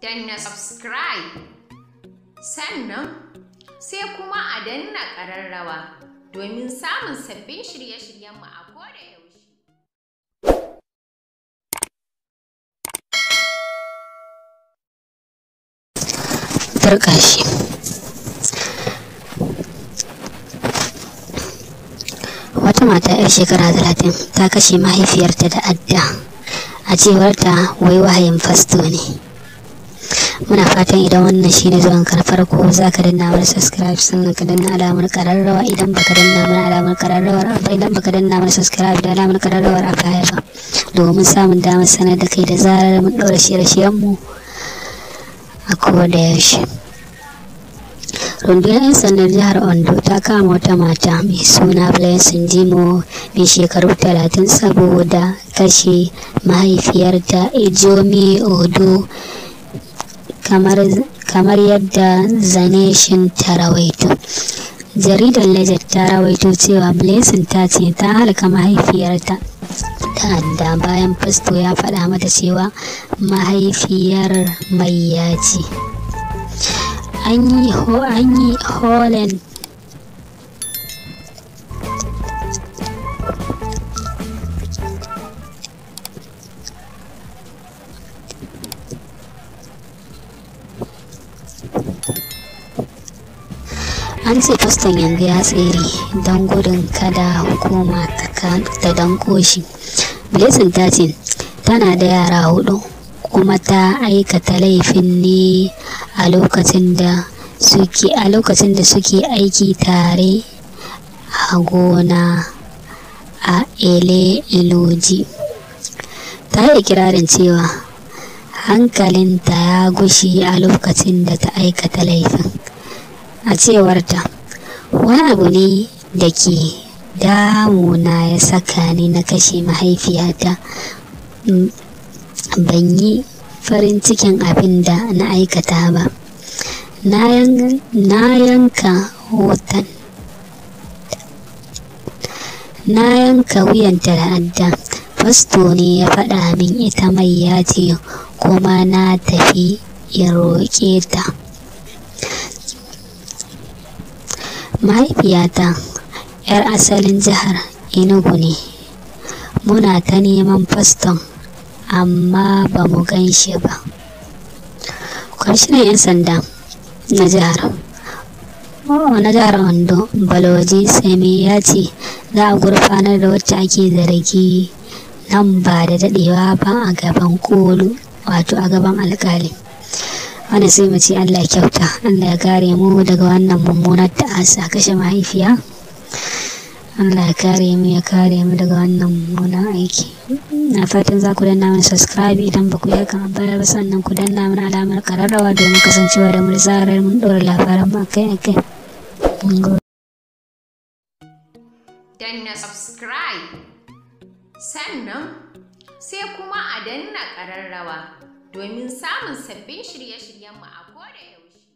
danna subscribe sannan sai kuma a danna ƙararrawa domin samun sabbin shirye-shiryenmu a koda yaushe. Wata mata 'yar shekara talatin ta kashe mahaifiyarta da adda a cewarta wai wahayin fasto ne. muna fatan idan wannan shine zuwan ka farko za ka danna mana subscribe sannan ka danna alamar kararrawa idan baka danna mana alamar kararrawa ba idan baka danna mana subscribe da alamar kararrawa a baya ba domin samun damar sanar da kai da zarar mun ɗora shirye-shiryen mu a koda yaushe rundunar 'yan sandan jihar ondo ta kama wata mata mai suna blessing jimo mai shekaru 30 saboda kashe mahaifiyarta ijomi odo kamar yadda zaneshin ta rawaito jaridar legend ta rawaito cewa blessing ta ce ta halka mahaifiyarta ta ta'adda bayan fasto ya faɗa mata cewa mahaifiyar mai yaci an yi holen an ce faston yanzu ya tsere don gudun kada hukuma ta dankoshi blessing ta tana da yara hudu kuma ta aikata laifin ne a lokacin da suke a lokacin da suke aiki tare a gona a ele iloji ta yi kirarin cewa hankalinta ya gushi a lokacin da ta aikata laifin a cewarta wani abu ne da ke damuna ya saka ni na kashe mahaifiyata ban yi farin cikin abin da na aikata ba na yanka hoton na yanka wuyan da fasto ne ya faɗa min ita mai ya ce kuma na tafi ya roƙe ta mahaifiyata 'yar asalin jihar enugu ne muna ta neman faston amma ba mu gan ba kwamishinan 'yan sanda na jihar oh, na jihar ondo baloji sami ya ce za a gurfanar da wacce ake zargi nan ba da dadewa ba a gaban kolu wato a gaban alkali wanda sai mu ce Allah kyauta Allah ya kare mu daga wannan mummunar ta'asa kashe mahaifiya Allah ya kare mu ya kare mu daga wannan mummunan aiki na fatan za ku danna mana subscribe idan ba ku yaka an ba sannan ku danna mana alamar kararrawa domin kasancewa da murzarar mun ɗora labaran ba akai akai danna subscribe sannan sai kuma a danna kararrawa domin samun sabbin shirye-shiryenmu a koda yaushe.